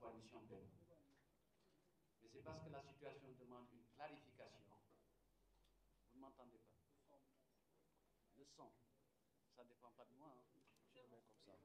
coalition Benno. Mais c'est parce que la situation demande une clarification. Vous ne m'entendez pas Le son. Ça ne dépend pas de moi. Hein. Je le mets comme ça.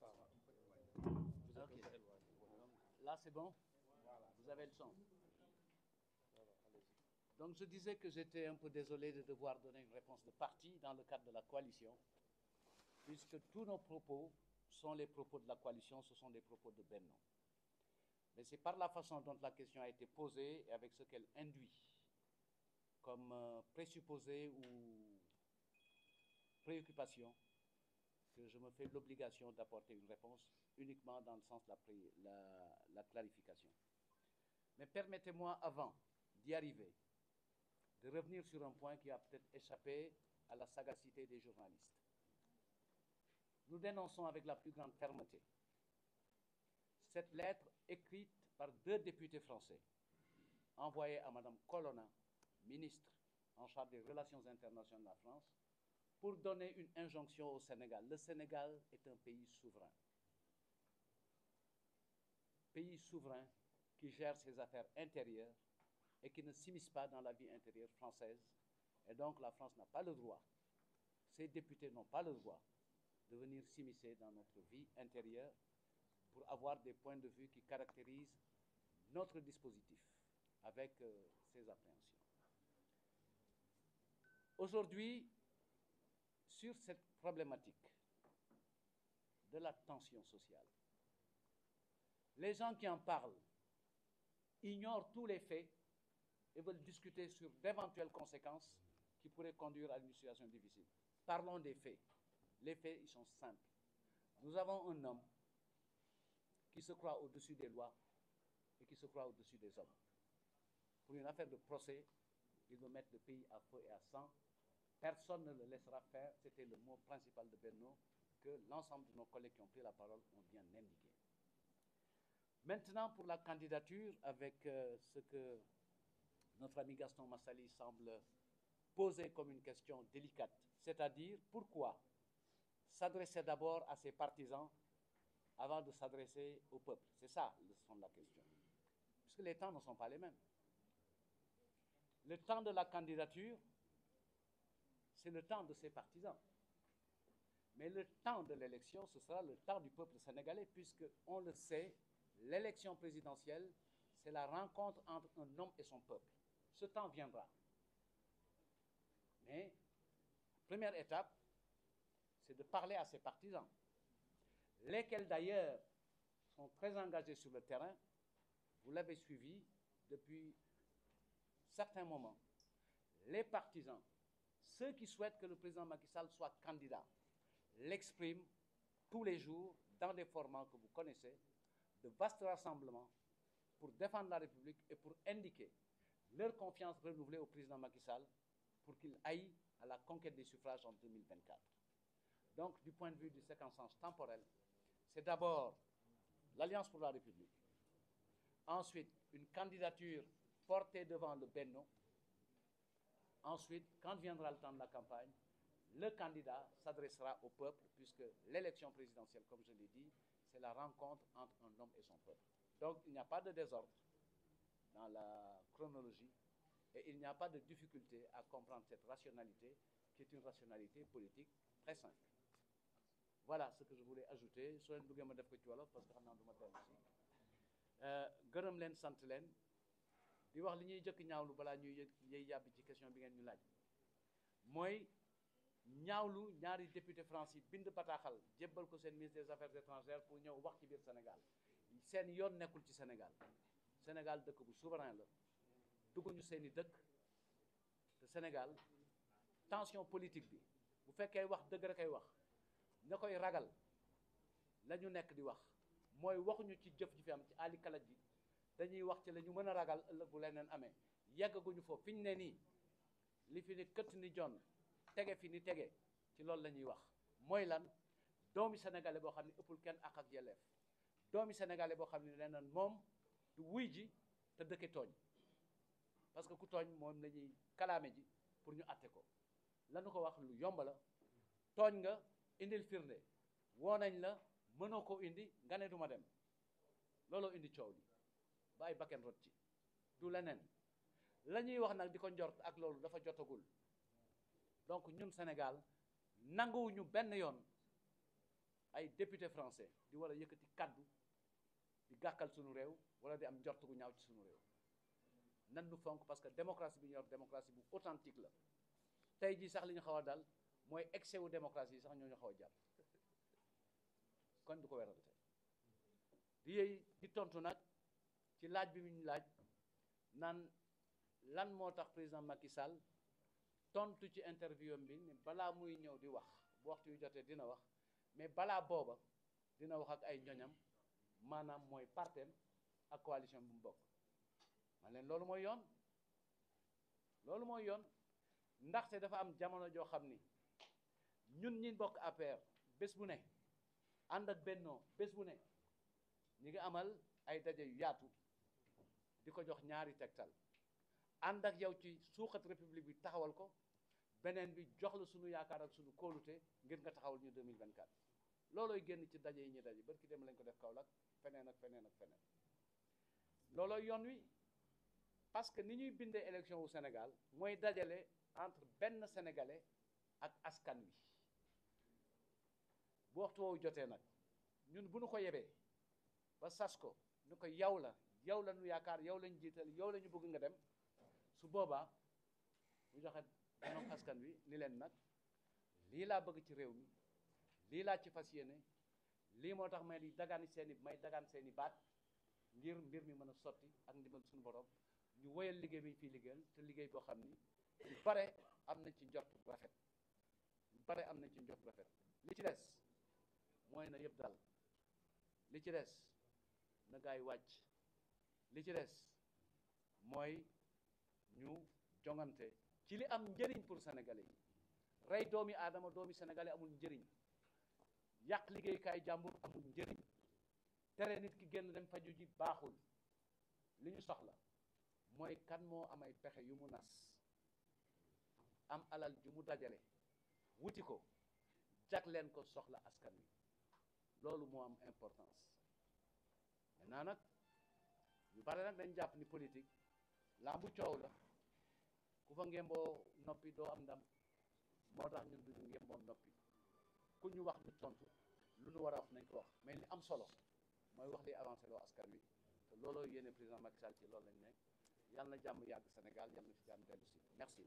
Ça va. Vous okay. Là, c'est bon Vous avez le son. Donc je disais que j'étais un peu désolé de devoir donner une réponse de parti dans le cadre de la coalition, puisque tous nos propos ce sont les propos de la coalition, ce sont des propos de Benno. Mais c'est par la façon dont la question a été posée et avec ce qu'elle induit comme euh, présupposé ou préoccupation que je me fais l'obligation d'apporter une réponse uniquement dans le sens de la, la, la clarification. Mais permettez-moi, avant d'y arriver, de revenir sur un point qui a peut-être échappé à la sagacité des journalistes. nous dénonçons avec la plus grande fermeté cette lettre écrite par deux députés français envoyée à Madame Colonna, ministre en charge des relations internationales de la France, pour donner une injonction au Sénégal. Le Sénégal est un pays souverain. Pays souverain qui gère ses affaires intérieures et qui ne s'immisce pas dans la vie intérieure française. Et donc la France n'a pas le droit, ses députés n'ont pas le droit devenir venir s'immiscer dans notre vie intérieure pour avoir des points de vue qui caractérisent notre dispositif avec euh, ses appréhensions. Aujourd'hui, sur cette problématique de la tension sociale, les gens qui en parlent ignorent tous les faits et veulent discuter sur d'éventuelles conséquences qui pourraient conduire à une situation difficile. Parlons des faits. Les faits, ils sont simples. Nous avons un homme qui se croit au-dessus des lois et qui se croit au-dessus des hommes. Pour une affaire de procès, il veut mettre le pays à feu et à sang. Personne ne le laissera faire. C'était le mot principal de Bernot que l'ensemble de nos collègues qui ont pris la parole ont bien indiqué. Maintenant, pour la candidature, avec euh, ce que notre ami Gaston Massali semble poser comme une question délicate, c'est-à-dire pourquoi s'adressait d'abord à ses partisans avant de s'adresser au peuple. C'est ça le fond de la question. Puisque les temps ne sont pas les mêmes. Le temps de la candidature, c'est le temps de ses partisans. Mais le temps de l'élection, ce sera le temps du peuple sénégalais, puisque, on le sait, l'élection présidentielle, c'est la rencontre entre un homme et son peuple. Ce temps viendra. Mais, première étape, c'est de parler à ses partisans, lesquels d'ailleurs sont très le terrain. Vous l'avez suivi depuis certains moments. Les partisans, ceux qui souhaitent président Macky soit candidat, l'expriment tous les jours dans des formats que vous de vastes pour défendre la et pour indiquer leur confiance renouvelée président Macky pour qu'il aille à la conquête des suffrages en 2024. Donc, du point de vue du séquençage temporel, c'est d'abord l'Alliance pour la République, ensuite une candidature portée devant le Benno, ensuite, quand viendra le temps de la campagne, le candidat s'adressera au peuple, puisque l'élection présidentielle, comme je l'ai dit, c'est la rencontre entre un homme et son peuple. Donc, il n'y a pas de désordre dans la chronologie et il n'y a pas de difficulté à comprendre cette rationalité, qui est une rationalité politique très voilà ce que je voulais ajouter soo leen bëggee ma def ko ci wolof parce que xam naa du ma teel si euh, gërëm leen sant leen di wax li ñuy jëkk lu balaa ñuy yëy yàbbi ci question bi ngeen ñu laaj mooy ñaawlu ñaari député France yi bind bataaxal jébbal ko seen ministre des affaires étrangères pour ñëw wax ci biir Sénégal seen yoon nekkul ci Sénégal Sénégal dëkk bu souverain la dugguñu seen i dëkk te Sénégal tension politique bi bu fekkee wax dëgg rekk wax na koy ragal la nekk di wax mooy waxuñu ci jëf ji fi am ci àlli kalat ji dañuy wax ci la ñu mën a ragal ëllëg bu leneen amee yeggaguñu foofu fi ñu ne nii li fi ne këtt ni jon tege fi ni tege ci loolu la ñuy wax mooy lan doomi sénégalais boo xam ne ëppul kenn ak ak yelleef doomi sénégalais boo xam ne leneen moom du wuy ji te dëkke tooñ parce que ku tooñ moom la kalaame ji pour ñu atte ko lañu ko wax lu yomb la tooñ nga indil firnde woo nañ la mënoo ko indi nga ne duma dem looloo indi coow li ba ay bakken rot ci du leneen la ñuy wax nag di ko njort ak loolu dafa jotagul donc ñun Sénégal nanguwuñu benn yoon ay député français di war a yëkkati kàddu di gàkkal sunu réew wala di am njort gu ñaaw ci suñu réew nan nu fonk parce que démocratie bi ñu yor démocratie bu authentique la tey jii sax liñu ñu xaw a dal mooy excès wu démocratie yi sax ñoo ñu xaw a jàpp kon du ko werante di yéey di tontu nag ci laaj bi mu ñu laaj naan lan moo tax président Macky Sall tontu ci interview am bi balaa muy ñëw di wax bu waxtu yu jotee dina wax mais balaa booba dina wax ak ay ñoñam maanaam mooy partem ak coalition bu mu bokk man leen loolu mooy yoon loolu mooy yoon ndaxte dafa am jamono joo xam ni ñun ñi bokk APR bés bu ne ànd ak bennoo bés bu ne ñi ngi amal ay daje yu yaatu di ko jox ñaari tegtal ànd ak yow ci suuxat république bi taxawal ko beneen bi jox la sunu yaakaar ak sunu kóolute ngir nga taxawal ñu 2024 loolooy génn ci daje yi ñu daje barki dem lañ ko def Kaolack feneen ak feneen ak feneen loolooy yoon wi parce que ni ñuy bindee élection wu Sénégal mooy dajale entre benn sénégalais ak askan wi bu waxtu woowu jotee nag ñun bu nu ko yebee ba sas ko ñu ko yow la yow la ñu yaakaar yow la jiital yow lañu ñu bëgg nga dem su boobaa mu joxe danoom askan wi ni leen nag lii laa bëgg ci réew mi lii laa ci fas yéene lii moo tax may dagaan seen i may dagaan seen i baat ngir mbir mi mën a sotti ak ndimbal suñu borom ñu woyal liggéey bi fii fiy liggéeyal te liggéey boo xam ni ñu bare am na ci njort rafet ñu bare am na ci njort rafet li ci des mooy na yëpp dal li ci des na gaay wàcc li ci des mooy ñu jongante ci li am njëriñ pour sénégalais yi rey doomi aadama doomi sénégalais amul njëriñ yàq liggéeykaay jàmbur amul njëriñ tere nit ki génn dem faju ji baaxul li ñu soxla mooy kan moo am ay pexe yu mu nas am alal ju mu dajale wuti ko jagleen ko soxla askan wi loolu moo am importance maintenant nag ñu bare nag dañ jàpp ni politique làmbu coow la ku fa ngemboo noppi doo am ndam moo tax ñun duñu ngemboo noppi ku ñu wax lu tontu lu ñu war a wax nañ ko wax mais li am solo mooy wax li avancé loo askan wi te looloo yéene président Macky Sall ci loolu lañ nekk yàlla na jàmm yàgg Sénégal yàlla na fi jàmm dellu si merci.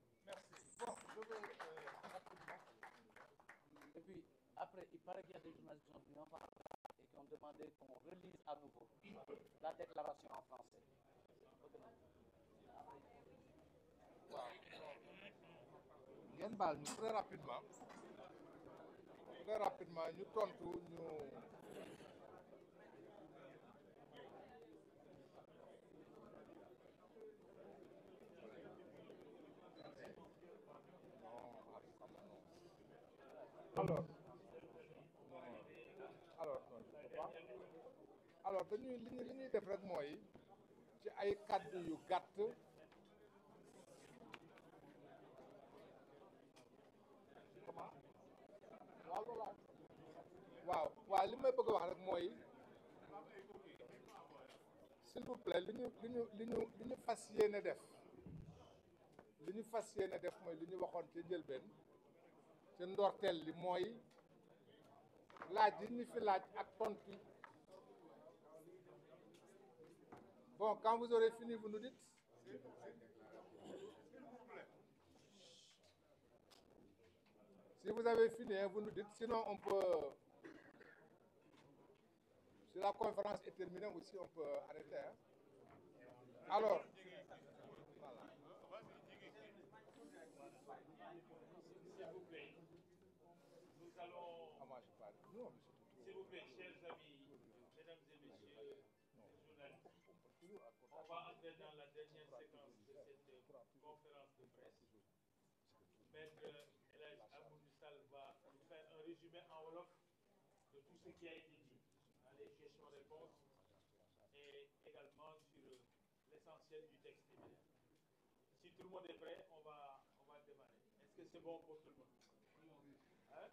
merci Après, il paraît qu'il y a des journalistes qui ont en parole et qui ont qu'on relise à nouveau la déclaration en français. waaw ngeen baal très rapidement très rapidement ñu tontu te ñuy li ñuy def rek mooy ci ay kàddu yu gàtt comment waaw waaw li may bëgg a wax rek mooy s'il vous li ñu li ñu li ñu li ñu fas yéene def li ñu fas yéene def mooy li ñu waxoon ci njëlbeen ci ndorteel li mooy laaj yi ñu fi laaj ak tontu Bon, quand vous aurez fini, vous nous Si vous fini, vous nous Sinon, on peut. Si la conférence est terminée aussi, on peut arrêter. Maître Elège Aboudou Sall va faire un résumé en wolof de tout ce qui a été dit dans les questions sur l'essentiel du texte. Si tout le monde est prêt, on va on va Est-ce que c'est bon pour tout le monde? Hein?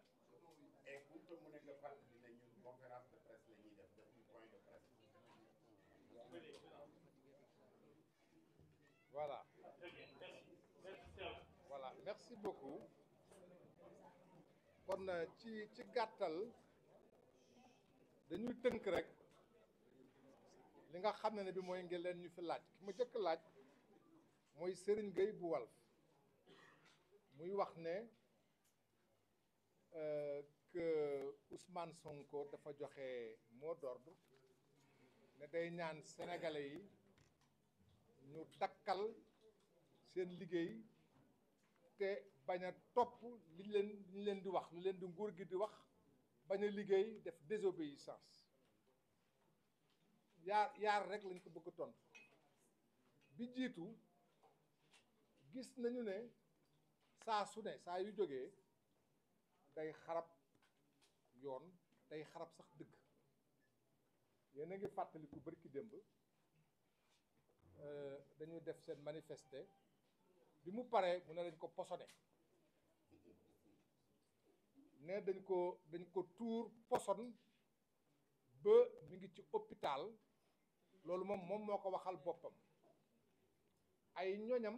Et pour que mu nekk la fàttali ne ñun conférence de presse la ñuy def depuis point de presse. Voilà. merci beaucoup kon euh, ci ci gàttal dañuy tënk rek li nga xam ne ne bi mooy ngi leen ñu fi laaj ki ma jëkk laaj mooy Serigne Gueye bu Walf muy wax ne euh, que Ousmane Sonko dafa joxe mot ne day ñaan sénégalais yi ñu takkal seen liggéey te bañ a topp liñ leen liñ leen di wax lu leen di nguur gi di wax bañ a liggéey def désobéissance yaar yaar rek lañ ko bëgg ton bi jiitu gis nañu ne saa su ne saa yu jógee day xarab yoon day xarab sax dëgg yéen a ngi fàttaliku bërki démb euh, dañuy def seen manifester bi mu paree mu ne dañ ko posone ne dañ ko dañ ko tuur poson ba mi ngi ci hôpital loolu moom moom moo ko waxal boppam ay ñoñam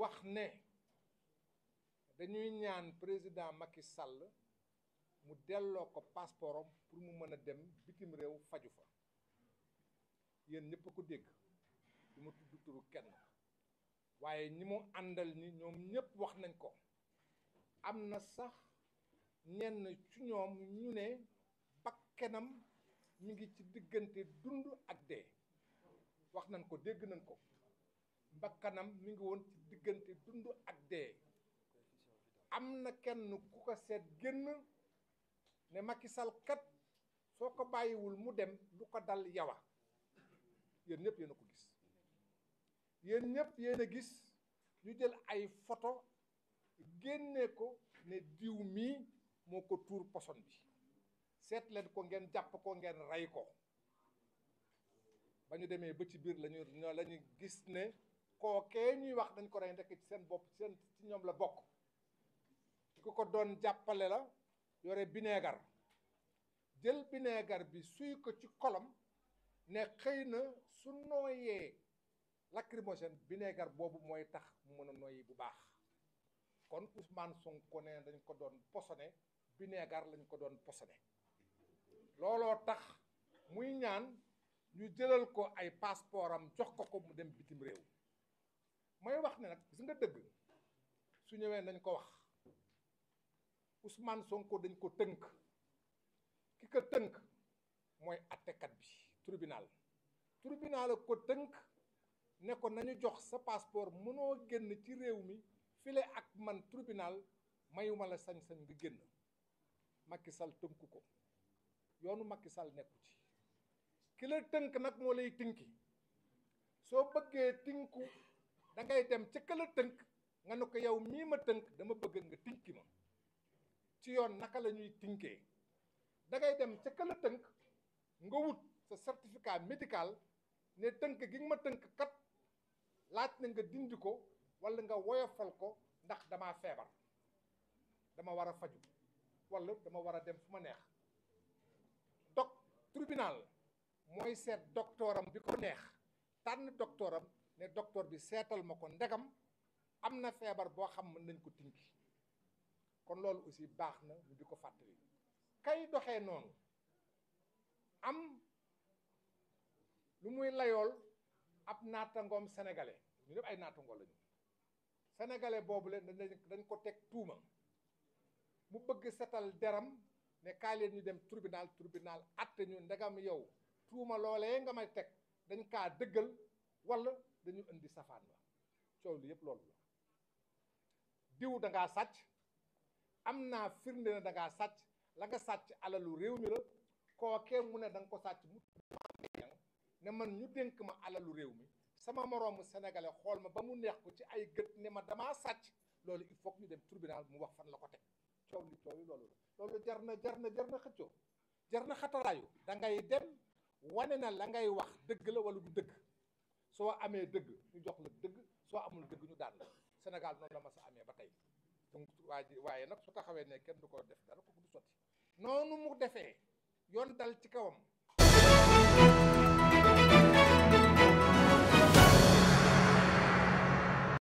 wax ne dañuy ñaan président Macky Sall mu delloo ko passeportam pour mu mën a dem bitim réew faju fa yéen ñëpp a ko dégg du ma tudd turu kenn waaye ñi mu àndal ni ñoom ñëpp wax nañ ko am na sax ñenn ci ñoom ñu ne bakkenam mi ngi ci diggante dund ak dee wax nañ ko dégg nañ ko bakkanam mi ngi woon ci diggante dund ak dee am na kenn ku ko seet génn ne Macky Sall kat soo ko bàyyiwul mu dem lu ko dal yawa yéen ñëpp yéen a ko gis yéen ñépp yéen a gis ñu jël ay photo génne ko ne diw mii moo ko tuur poson bi seetleen ko ngeen jàpp ko ngeen rey ko ba ñu demee ba ci biir lañu ñoo gis ne kookee ñuy wax dañ ko rey ndekk ci seen bopp ci ñoom la bokk ku ko doon jàppale la yore bineegar jël bineegar bi suy ko ci kolom ne xëy na su nooyee lacrymogène vinaigre boobu mooy tax mu mën a noyyi bu baax kon Ousmane Sonko ne dañ ko doon posone vinaigre lañ ko doon posone looloo tax muy ñaan ñu jëlal ko ay passeport am jox ko ko mu dem bitim réew mooy wax ne nag gis nga dëgg su ñëwee nañ ko wax Ousmane Sonko dañ ko tënk ki ko tënk mooy attekat bi tribunal tribunal ko tënk ne ko nañu jox sa passeport mënoo génn ci réew mi file ak man tribunal mayuma la sañ-sañ nga génn makki sal tënk ko yoonu makki sal nekku ci ki la tënk nag moo lay tënki soo bëggee tënku dangay dem ca ka tënk nga ne ko yow mii ma tënk dama bëgg nga tënki ma ci yoon naka lañuy ñuy dangay dem ca ka la tënk nga wut sa certificat médical ne tënk gi ma tënk kat laaj na nga dindi ko wala nga woyofal ko ndax damaa feebar dama war a faju walla dama war a dem fu ma neex doc tribunal mooy seet doctooram bi ko neex tànn doctooram ne docteur bi seetal ma ko ndegam am na feebar boo xam mën nañ ko tinki kon loolu aussi baax na ñu di ko fàttali kay doxee noonu am lu muy layool ab naata ngoom sénégalais ñu def ay naatango lañu sénégalais boobu leen dañ ko teg tuuma mu bëgg setal deram ne kaay leen ñu dem tribunal tribunal atte ñu ndegam yow tuuma loolee nga may teg dañ kaa dëggal walla dañu indi safaan la coow li yëpp loolu la diw da sàcc am naa firnde ne da ngaa sàcc la nga sàcc alalu réew mi la kookee mu ne danga ko sàcc mu ne man ñu dénk ma alalu réew mi sama moroomu sénégalais xool ma ba mu neex ko ci ay gët ne ma damaa sàcc loolu il faut que ñu dem tribunal mu wax fan la ko teg coow li coow li loolu la loolu jar na jar na jar xëccoo jar na xataraayu da ngay dem wane na la ngay wax dëgg la wala du dëgg soo amee dëgg ñu jox la dëgg soo amul dëgg ñu daan la Sénégal noonu la ma sa amee ba tey donc waa ji waaye nag su taxawee ne kenn du ko def dara ko du sotti noonu mu defee yoon dal ci kawam